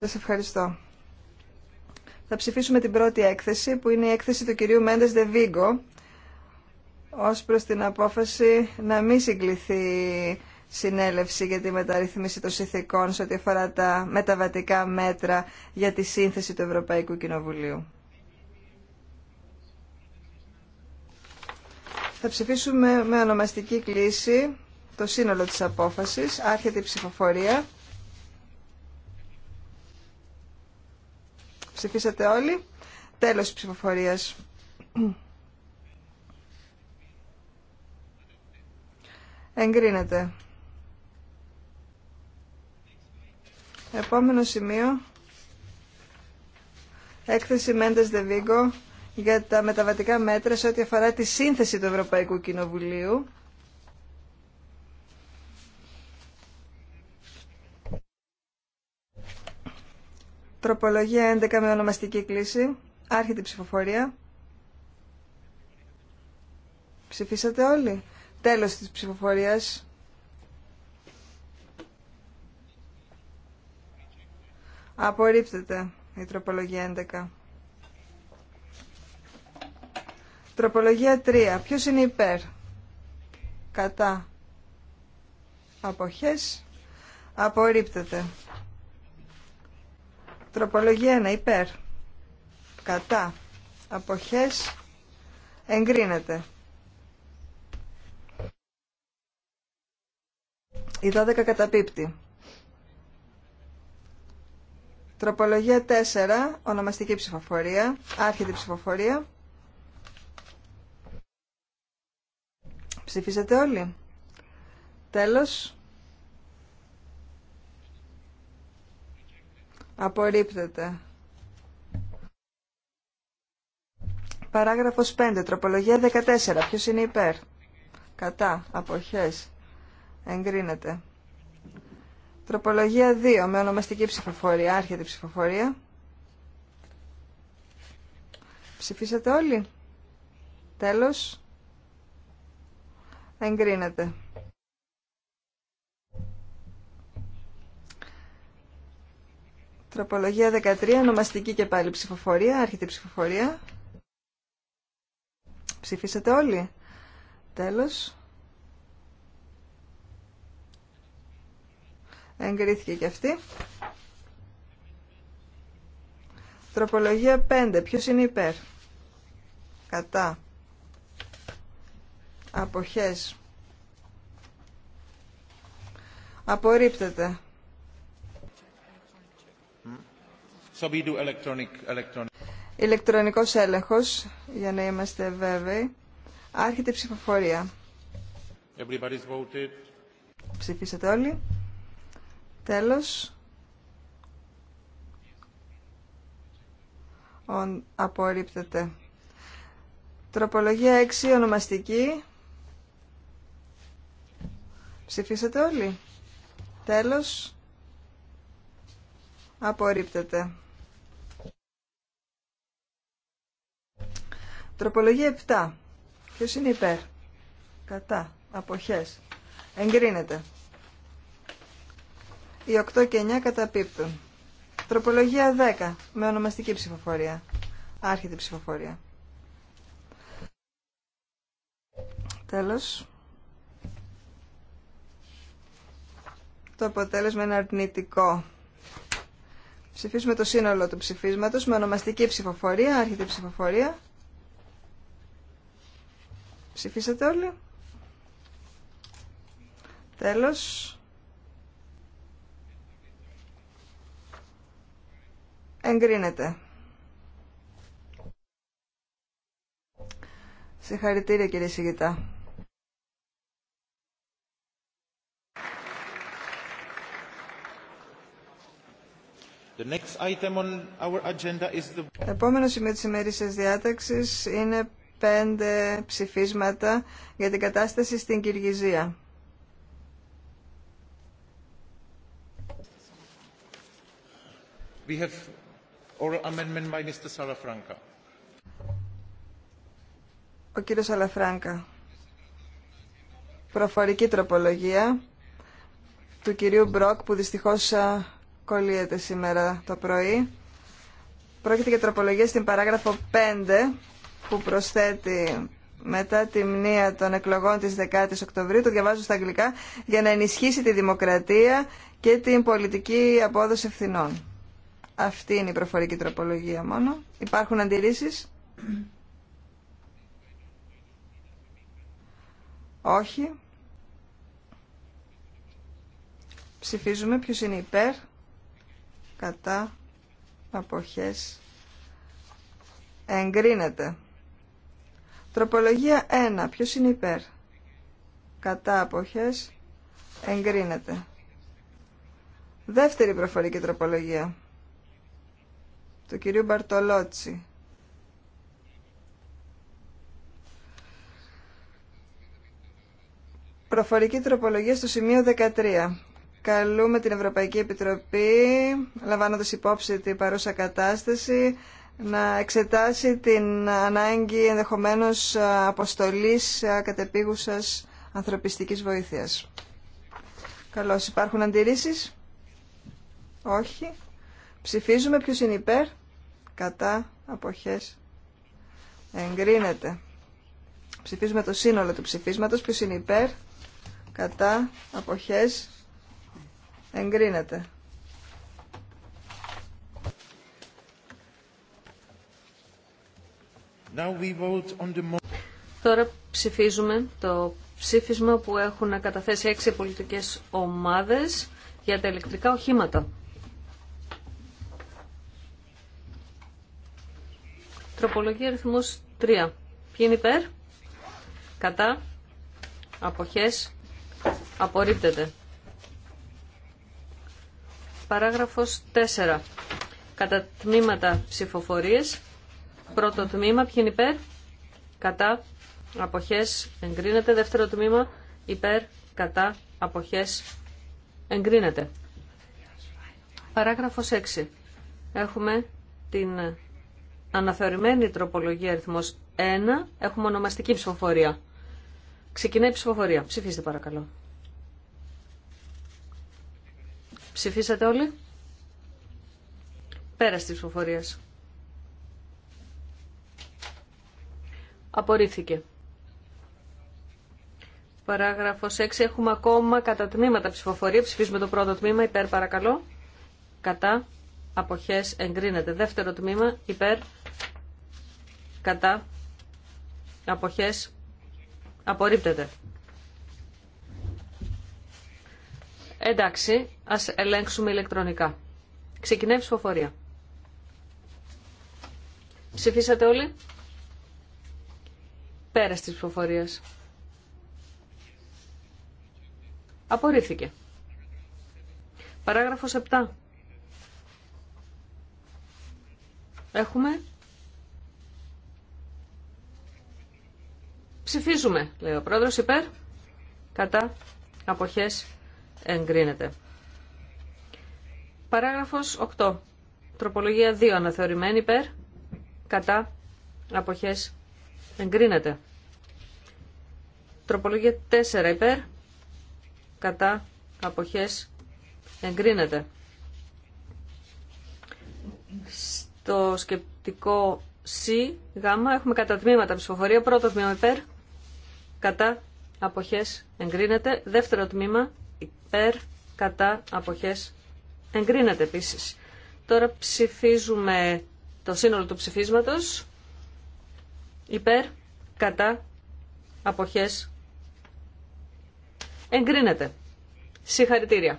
Σας ευχαριστώ. Θα ψηφίσουμε την πρώτη έκθεση που είναι η έκθεση του κυρίου Μέντες Δεβίγκο ως προς την απόφαση να μην συγκληθεί συνέλευση για τη μεταρρύθμιση των συνθηκών σε ό,τι αφορά τα μεταβατικά μέτρα για τη σύνθεση του Ευρωπαϊκού Κοινοβουλίου. Θα ψηφίσουμε με ονομαστική κλίση το σύνολο της απόφασης, άρχεται η ψηφοφορία. Ψηφίσατε όλοι. Τέλος της ψηφοφορίας. Εγκρίνεται. Επόμενο σημείο. Έκθεση Μέντες Δεβίγκο για τα μεταβατικά μέτρα σε ό,τι αφορά τη σύνθεση του Ευρωπαϊκού Κοινοβουλίου. Τροπολογία 11 με ονομαστική κλίση. Άρχεται η ψηφοφορία. Ψηφίσατε όλοι. Τέλος της ψηφοφορίας. Απορρίπτεται η τροπολογία 11. Τροπολογία 3. Ποιος είναι υπέρ. Κατά. Αποχές. Απορρίπτεται. Τροπολογία 1 υπέρ. Κατά. Αποχές εγκρίνεται. Η 12 καταπίπτει. Τροπολογία 4, ονομαστική ψηφοφορία, Άρχιτη ψηφοφορία. Ψηφίσατε όλοι. Τέλος. Απορρίπτεται. Παράγραφος 5. Τροπολογία 14. Ποιος είναι υπέρ. Κατά. Αποχές. Εγκρίνεται. Τροπολογία 2. Με ονομαστική ψηφοφορία. Άρχεται η ψηφοφορία. Ψηφίσατε όλοι. Τέλος. Εγκρίνεται. Τροπολογία 13, νομαστική και πάλι ψηφοφορία, άρχεται η ψηφοφορία. Ψηφίσατε όλοι. Τέλος. Εγκρίθηκε και αυτή. Τροπολογία 5. Ποιος είναι υπέρ. Κατά. Αποχές. Απορρίπτεται. έλεγχος, για να είμαστε βέβαιοι. Άρχεται ψηφοφορία. Ψηφίσατε όλοι. Τέλος. Ον απορρίπτεται. Τροπολογία 6, ονομαστική. Ψηφίσατε όλοι. Τέλος. Απορρίπτεται. Τροπολογία 7. Ποιος είναι υπέρ. Κατά. Αποχές. Εγκρίνεται. Οι 8 και 9 καταπίπτουν. Τροπολογία 10. Με ονομαστική ψηφοφορία. Άρχεται η ψηφοφορία. Τέλος. Το αποτέλεσμα είναι αρνητικό. Ψηφίσουμε το σύνολο του ψηφίσματος με ονομαστική ψηφοφορία. Άρχεται η ψηφοφορία. Ψηφίσατε όλοι. Τέλος. Εγκρίνεται. Συγχαρητήρια κύριε Σιγητά. The next item on our agenda is the... Επόμενο σημείο της ημέρησης διάταξης είναι πέντε ψηφίσματα για την κατάσταση στην Κυργιζία. We have oral amendment by Ο κύριος Σαλαφράνκα. Προφορική τροπολογία του κυρίου Μπροκ που δυστυχώς κολλείεται σήμερα το πρωί. Πρόκειται για τροπολογία στην παράγραφο 5 που προσθέτει μετά τη μνήα των εκλογών της 10ης Οκτωβρίου, το διαβάζω στα αγγλικά, για να ενισχύσει τη δημοκρατία και την πολιτική απόδοση ευθυνών. Αυτή είναι η προφορική τροπολογία μόνο. Υπάρχουν αντιρρήσεις? Όχι. Ψηφίζουμε ποιος είναι υπέρ, κατά, αποχές. Εγκρίνεται. Τροπολογία 1. Ποιος είναι υπέρ. Κατά αποχές εγκρίνεται. Δεύτερη προφορική τροπολογία Το κυρίου Μπαρτολότσι. Προφορική τροπολογία στο σημείο 13. Καλούμε την Ευρωπαϊκή Επιτροπή, λαμβάνοντας υπόψη την παρούσα κατάσταση, να εξετάσει την ανάγκη ενδεχομένως αποστολής κατεπίγουσας ανθρωπιστικής βοήθειας. Καλώς. Υπάρχουν αντιρρήσεις? Όχι. Ψηφίζουμε ποιος είναι υπέρ. Κατά. Αποχές. Εγκρίνεται. Ψηφίζουμε το σύνολο του ψηφίσματος. Ποιος είναι υπέρ. Κατά. Αποχές. Εγκρίνεται. Τώρα ψηφίζουμε το ψήφισμα που έχουν καταθέσει έξι πολιτικές ομάδες για τα ηλεκτρικά οχήματα. Τροπολογία αριθμός 3. Ποιοι είναι υπέρ? Κατά. Αποχές. Απορρίπτεται. Παράγραφος 4. Κατά τμήματα ψηφοφορίες. Πρώτο τμήμα, ποιοι είναι υπέρ, κατά, αποχές, εγκρίνεται. Δεύτερο τμήμα, υπέρ, κατά, αποχές, εγκρίνεται. Παράγραφος 6. Έχουμε την αναθεωρημένη τροπολογία αριθμός 1. Έχουμε ονομαστική ψηφοφορία. Ξεκινάει η ψηφοφορία. Ψηφίστε παρακαλώ. Ψηφίσατε όλοι. Πέρα τη ψηφοφορία. Απορρίφθηκε. Παράγραφο 6. Έχουμε ακόμα κατά τμήματα ψηφοφορία. Ψηφίζουμε το πρώτο τμήμα. Υπέρ παρακαλώ. Κατά. Αποχές εγκρίνεται. Δεύτερο τμήμα. Υπέρ. Κατά. Αποχές απορρίπτεται. Εντάξει, ας ελέγξουμε ηλεκτρονικά. Ξεκινάει η ψηφοφορία. Ψηφίσατε όλοι. Πέρας της ψηφοφορίας. Απορρίφθηκε. Παράγραφος 7. Έχουμε. Ψηφίζουμε, λέει ο πρόεδρος, υπέρ. Κατά. αποχέ. Εγκρίνεται. Παράγραφος 8. Τροπολογία 2. Αναθεωρημένη υπέρ. Κατά. Αποχές. Εγκρίνεται. Τροπολογία 4 υπέρ, κατά, αποχές, εγκρίνεται. Στο σκεπτικό C, Γ, έχουμε κατά τμήματα ψηφοφορία. Πρώτο τμήμα υπέρ, κατά, αποχές, εγκρίνεται. Δεύτερο τμήμα υπέρ, κατά, αποχές, εγκρίνεται επίσης. Τώρα ψηφίζουμε το σύνολο του ψηφίσματος υπέρ, κατά, αποχές, Εγκρίνεται. Συγχαρητήρια.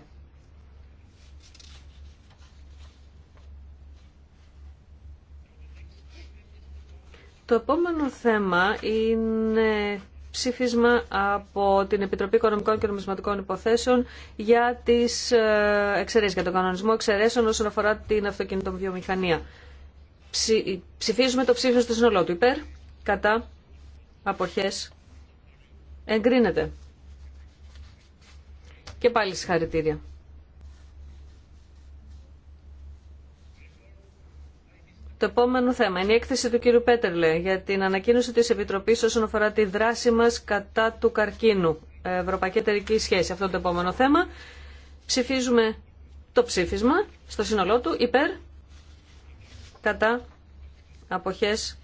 Το επόμενο θέμα είναι ψήφισμα από την Επιτροπή Οικονομικών και Νομισματικών Υποθέσεων για τις ε, εξαιρέσεις, για τον κανονισμό εξαιρέσεων όσον αφορά την αυτοκινητοβιομηχανία. Ψη, ψηφίζουμε το ψήφισμα στο σύνολό του. Υπέρ, κατά, αποχές, εγκρίνεται. Και πάλι συγχαρητήρια. Το επόμενο θέμα είναι η έκθεση του κύριου Πέτερλε για την ανακοίνωση της Επιτροπής όσον αφορά τη δράση μας κατά του καρκίνου. Ευρωπαϊκή εταιρική σχέση. Αυτό το επόμενο θέμα. Ψηφίζουμε το ψήφισμα στο σύνολό του υπέρ κατά αποχές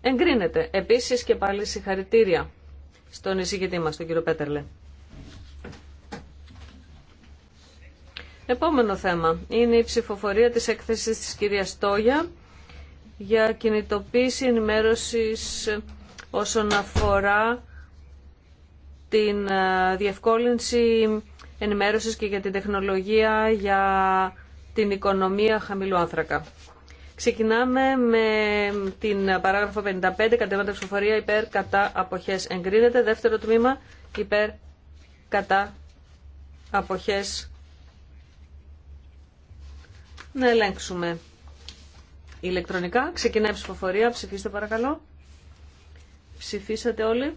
εγκρίνεται. Επίσης και πάλι συγχαρητήρια στον εισηγητή μας, τον κύριο Πέτερλε. Επόμενο θέμα είναι η ψηφοφορία της έκθεσης της κυρίας Τόγια για κινητοποίηση ενημέρωσης όσον αφορά την ε, διευκόλυνση ενημέρωσης και για την τεχνολογία για την οικονομία χαμηλού άνθρακα. Ξεκινάμε με την παράγραφο 55, κατεβάτα ψηφοφορία υπέρ κατά αποχές εγκρίνεται. Δεύτερο τμήμα, υπέρ κατά αποχές να ελέγξουμε ηλεκτρονικά. Ξεκινάει η ψηφοφορία. Ψηφίστε παρακαλώ. Ψηφίσατε όλοι.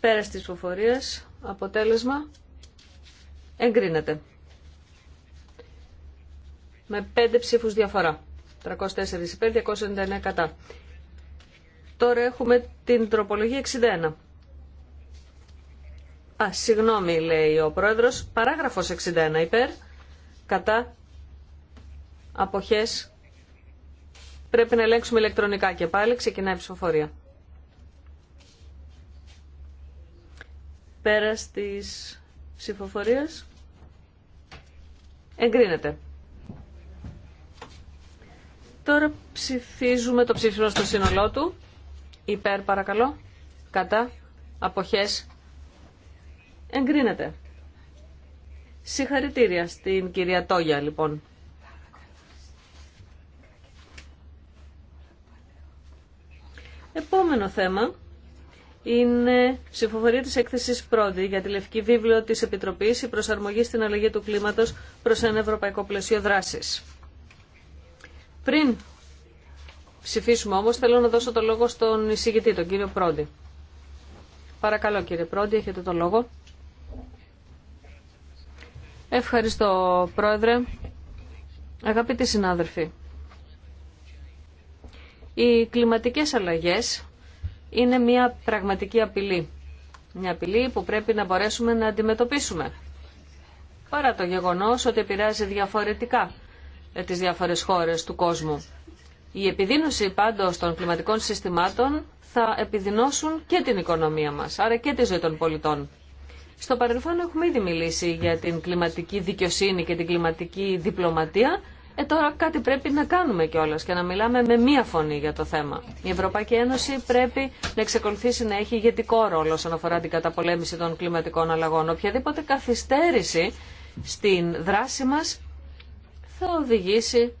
Πέρας τη ψηφοφορίες. Αποτέλεσμα. Εγκρίνεται. Με 5 ψήφους διαφορά. 304 υπέρ, 299 κατά. Τώρα έχουμε την τροπολογία 61. Α, συγγνώμη, λέει ο πρόεδρος. Παράγραφος 61 υπέρ, κατά αποχές πρέπει να ελέγξουμε ηλεκτρονικά και πάλι ξεκινάει η ψηφοφορία. Πέρας της ψηφοφορίας εγκρίνεται. Τώρα ψηφίζουμε το ψήφισμα στο σύνολό του. Υπέρ παρακαλώ. Κατά. Αποχές. Εγκρίνεται. Συγχαρητήρια στην κυρία Τόγια λοιπόν. Επόμενο θέμα είναι ψηφοφορία της έκθεσης πρώτη για τη Λευκή Βίβλιο της Επιτροπής «Η προσαρμογή στην αλλαγή του κλίματος προς ένα ευρωπαϊκό πλαίσιο δράσης». Πριν ψηφίσουμε όμως θέλω να δώσω το λόγο στον εισηγητή, τον κύριο Πρόντι. Παρακαλώ κύριε Πρόντι, έχετε το λόγο. Ευχαριστώ πρόεδρε. Αγαπητοί συνάδελφοι, οι κλιματικές αλλαγές είναι μια πραγματική απειλή. Μια απειλή που πρέπει να μπορέσουμε να αντιμετωπίσουμε. Παρά το γεγονός ότι επηρεάζει διαφορετικά ε, τις διάφορες χώρες του κόσμου. Η επιδείνωση πάντως των κλιματικών συστημάτων θα επιδεινώσουν και την οικονομία μας, άρα και τη ζωή των πολιτών. Στο παρελθόν έχουμε ήδη μιλήσει για την κλιματική δικαιοσύνη και την κλιματική διπλωματία ε, τώρα κάτι πρέπει να κάνουμε κιόλα και να μιλάμε με μία φωνή για το θέμα. Η Ευρωπαϊκή Ένωση πρέπει να εξακολουθήσει να έχει ηγετικό ρόλο όσον αφορά την καταπολέμηση των κλιματικών αλλαγών. Οποιαδήποτε καθυστέρηση στην δράση μας θα οδηγήσει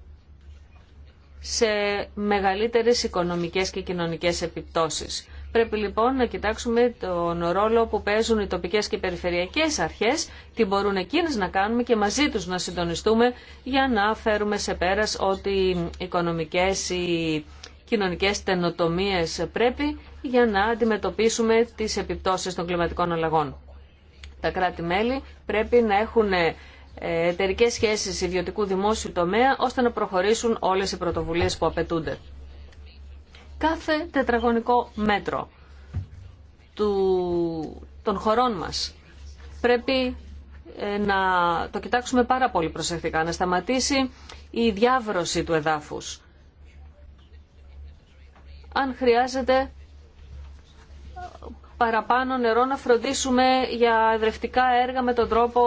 σε μεγαλύτερες οικονομικές και κοινωνικές επιπτώσεις. Πρέπει λοιπόν να κοιτάξουμε τον ρόλο που παίζουν οι τοπικές και οι περιφερειακές αρχές, τι μπορούν εκείνες να κάνουμε και μαζί τους να συντονιστούμε για να φέρουμε σε πέρας ότι οικονομικές, ή κοινωνικές τενοτομίες πρέπει για να αντιμετωπίσουμε τις επιπτώσεις των κλιματικών αλλαγών. Τα κράτη-μέλη πρέπει να έχουν ε, εταιρικέ σχέσεις ιδιωτικού δημόσιου τομέα ώστε να προχωρήσουν όλες οι πρωτοβουλίες που απαιτούνται κάθε τετραγωνικό μέτρο του, των χωρών μας. Πρέπει ε, να το κοιτάξουμε πάρα πολύ προσεκτικά, να σταματήσει η διάβρωση του εδάφους. Αν χρειάζεται παραπάνω νερό να φροντίσουμε για εδρευτικά έργα με τον τρόπο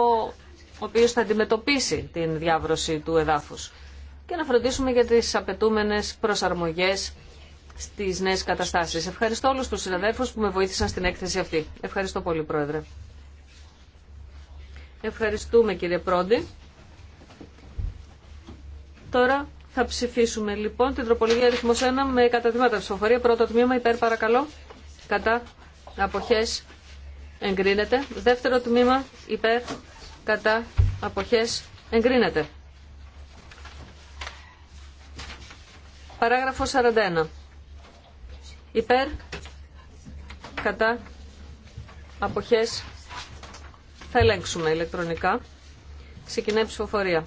ο οποίος θα αντιμετωπίσει την διάβρωση του εδάφους και να φροντίσουμε για τις απαιτούμενες προσαρμογές στις νέες καταστάσεις. Ευχαριστώ όλους τους συναδέλφους που με βοήθησαν στην έκθεση αυτή. Ευχαριστώ πολύ, Πρόεδρε. Ευχαριστούμε, κύριε Πρόντι. Τώρα θα ψηφίσουμε λοιπόν την τροπολογία αριθμό 1 με κατατμήματα ψηφοφορία. Πρώτο τμήμα υπέρ παρακαλώ. Κατά αποχές εγκρίνεται. Δεύτερο τμήμα υπέρ κατά αποχές εγκρίνεται. Παράγραφο 41. Υπέρ, κατά, αποχές, θα ελέγξουμε ηλεκτρονικά. Ξεκινάει η ψηφοφορία.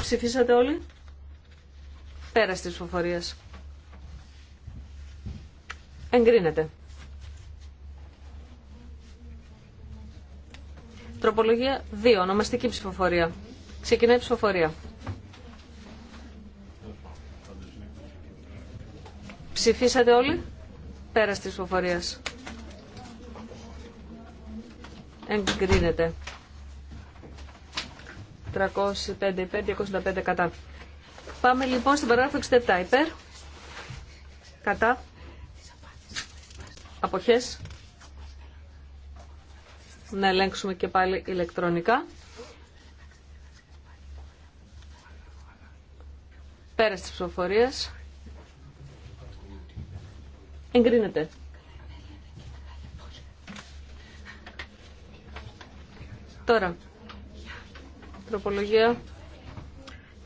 Ψηφίσατε όλοι. Πέρα της ψηφοφορίας. Εγκρίνεται. Τροπολογία 2. Ονομαστική ψηφοφορία. Ξεκινάει η ψηφοφορία. Ψηφίσατε όλοι. Πέρα τη ψηφοφορία. Εγκρίνεται. 305 υπέρ, 225 κατά. Πάμε λοιπόν στην παράγραφο 67 υπέρ. Κατά. Αποχές. Να ελέγξουμε και πάλι ηλεκτρονικά. Πέρα τη ψηφοφορία. Εγκρίνεται. Τώρα, τροπολογία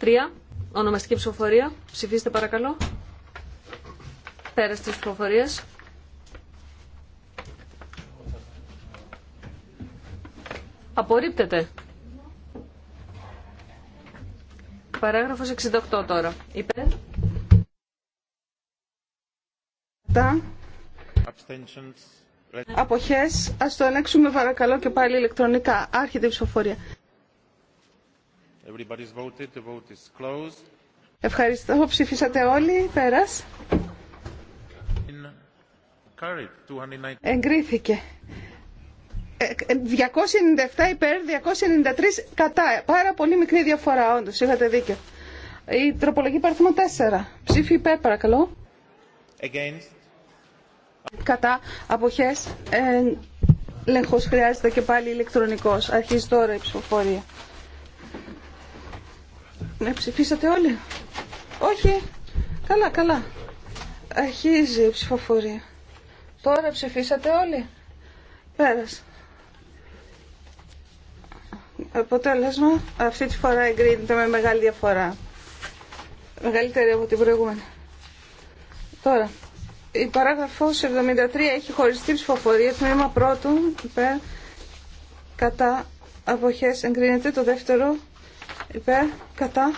3, ονομαστική ψηφοφορία. Ψηφίστε παρακαλώ. Πέρας της ψηφοφορίας. Απορρίπτεται. Παράγραφος 68 τώρα. Υπέρ. Αποχέ. αποχές ας το ανέξουμε παρακαλώ και πάλι ηλεκτρονικά άρχεται η ψηφοφορία voted. Ευχαριστώ ψηφίσατε όλοι πέρας εγκρίθηκε 297 ε, ε, υπέρ 293 κατά πάρα πολύ μικρή διαφορά όντω, είχατε δίκιο η τροπολογία παρθμό 4 ψήφι υπέρ παρακαλώ Against κατά αποχές λεγχός χρειάζεται και πάλι ηλεκτρονικός. Αρχίζει τώρα η ψηφοφορία. Να ψηφίσατε όλοι. Όχι. Καλά, καλά. Αρχίζει η ψηφοφορία. Τώρα ψηφίσατε όλοι. Πέρασε. Αποτέλεσμα, αυτή τη φορά εγκρίνεται με μεγάλη διαφορά. Μεγαλύτερη από την προηγούμενη. Τώρα, η παράγραφό 73 έχει χωριστεί ψηφοφορία τμήμα πρώτον υπέρ κατά αποχές εγκρίνεται το δεύτερο υπέρ κατά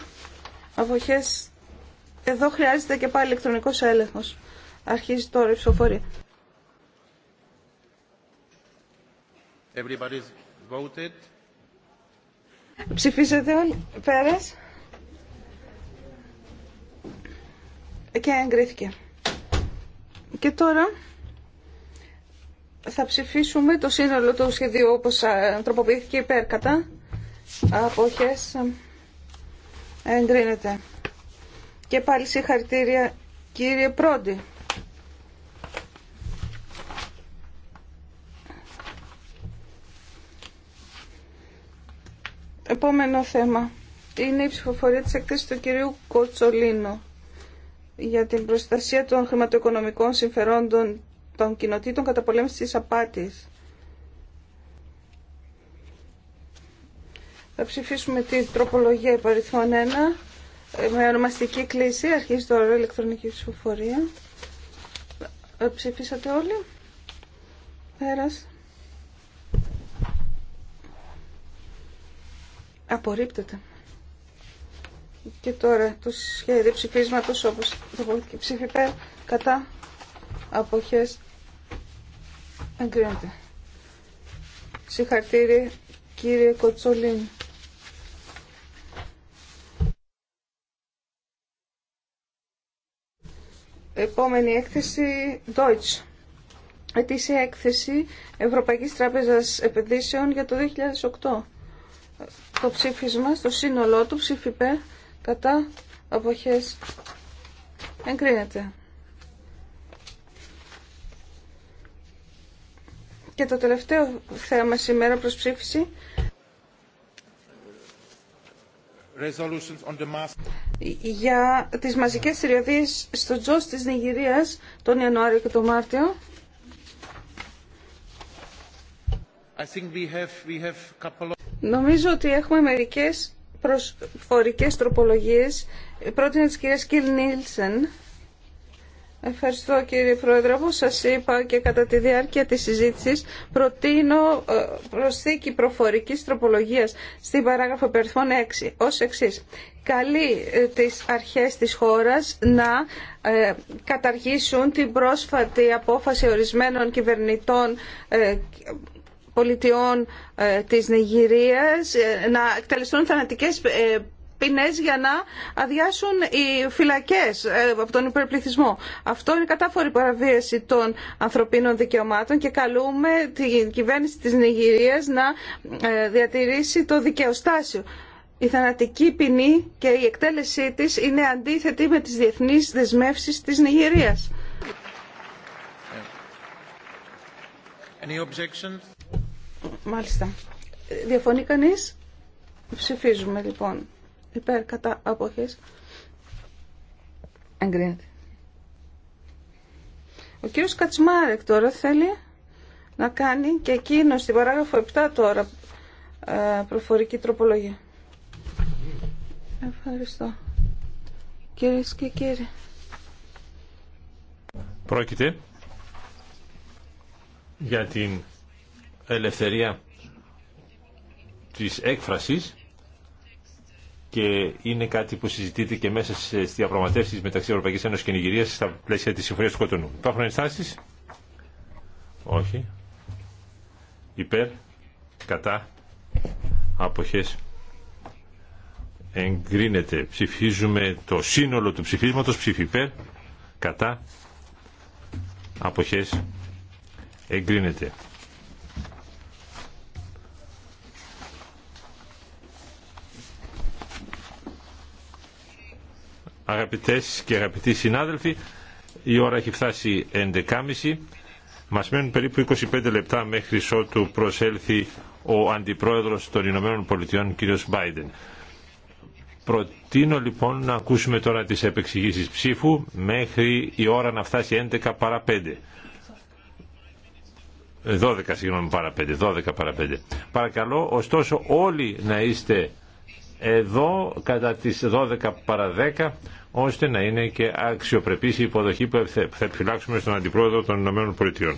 αποχές εδώ χρειάζεται και πάλι ηλεκτρονικός έλεγχος αρχίζει τώρα η ψηφοφορία Everybody's voted. όλοι πέρας και εγκρίθηκε και τώρα θα ψηφίσουμε το σύνολο του σχεδίου όπως τροποποιήθηκε υπέρ από αποχές εγκρίνεται. Και πάλι συγχαρητήρια κύριε Πρόντι. Επόμενο θέμα είναι η ψηφοφορία της εκτίσης του κυρίου Κοτσολίνο για την προστασία των χρηματοοικονομικών συμφερόντων των κοινοτήτων κατά πολέμηση της απάτης. Θα ψηφίσουμε την τροπολογία υπαριθμών 1 ε, με ονομαστική κλίση. Αρχίζει τώρα η ηλεκτρονική ψηφοφορία. Ε, ψηφίσατε όλοι. Πέρας. Απορρίπτεται. Και τώρα το σχέδιο ψηφίσματο όπως το και ψηφιπέ κατά αποχές εγκρίνεται. Συγχαρτήρι κύριε Κοτσολίν. Επόμενη έκθεση Deutsch. Ετήσια έκθεση Ευρωπαϊκής Τράπεζας Επενδύσεων για το 2008. Το ψήφισμα στο σύνολό του ψήφιπε κατά αποχές εγκρίνεται. Και το τελευταίο θέμα σήμερα προς ψήφιση για τις μαζικές θηριωδίες στο Τζος της Νιγηρίας τον Ιανουάριο και τον Μάρτιο. Νομίζω ότι έχουμε μερικές προσφορικές τροπολογίες. Η πρώτη της κυρίας Κιλ Νίλσεν. Ευχαριστώ κύριε Πρόεδρε. Όπως σας είπα και κατά τη διάρκεια της συζήτησης προτείνω ε, προσθήκη προφορικής τροπολογίας στην παράγραφο περιθμών 6 ως εξής. Καλεί ε, τις αρχές της χώρας να ε, καταργήσουν την πρόσφατη απόφαση ορισμένων κυβερνητών Πολιτειών ε, της Νιγηρίας ε, να εκτελεστούν θανατικές ε, ποινές για να αδειάσουν οι φυλακές από τον υπερπληθυσμό. Αυτό είναι κατάφορη παραβίαση των ανθρωπίνων δικαιωμάτων και καλούμε την κυβέρνηση της Νιγηρίας να διατηρήσει το δικαιοστάσιο. Η θανατική ποινή και η εκτέλεσή της είναι αντίθετη με τις διεθνείς δεσμεύσεις της Νιγηρίας. Any Μάλιστα. Διαφωνεί κανεί. Ψηφίζουμε λοιπόν. Υπέρ κατά αποχές. Εγκρίνεται. Ο κύριος Κατσμάρεκ τώρα θέλει να κάνει και εκείνο στην παράγραφο 7 τώρα ε, προφορική τροπολογία. Ευχαριστώ. Κυρίε και κύριοι. Πρόκειται για την ελευθερία της έκφρασης και είναι κάτι που συζητείται και μέσα στις διαπραγματεύσεις μεταξύ Ευρωπαϊκής Ένωση και Νιγηρίας στα πλαίσια της συμφωνίας του Κοτονού. Υπάρχουν ενστάσεις; Όχι. Υπέρ. Κατά. αποχές Εγκρίνεται. Ψηφίζουμε το σύνολο του ψηφίσματος Ψήφι υπέρ. Κατά. αποχές Εγκρίνεται. Αγαπητές και αγαπητοί συνάδελφοι, η ώρα έχει φτάσει 11.30. Μας μένουν περίπου 25 λεπτά μέχρι ότου προσέλθει ο Αντιπρόεδρος των Ηνωμένων Πολιτειών, κ. Μπάιντεν. Προτείνω λοιπόν να ακούσουμε τώρα τις επεξηγήσεις ψήφου μέχρι η ώρα να φτάσει 11 παρα 5. 12 συγγνώμη παρα 5, 12 παρα 5. Παρακαλώ ωστόσο όλοι να είστε εδώ κατά τις 12 παρα ώστε να είναι και αξιοπρεπή η υποδοχή που θα επιφυλάξουμε στον Αντιπρόεδρο των ΗΠΑ.